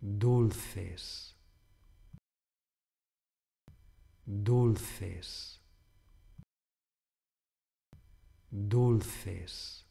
dulces, dulces, dulces.